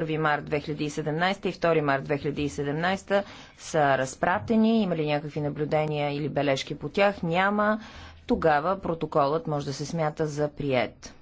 1 март 2017 и 2 март 2017 са разпратени. Има ли някакви наблюдения или бележки по тях? Няма. Тогава протоколът може да се смята за прият.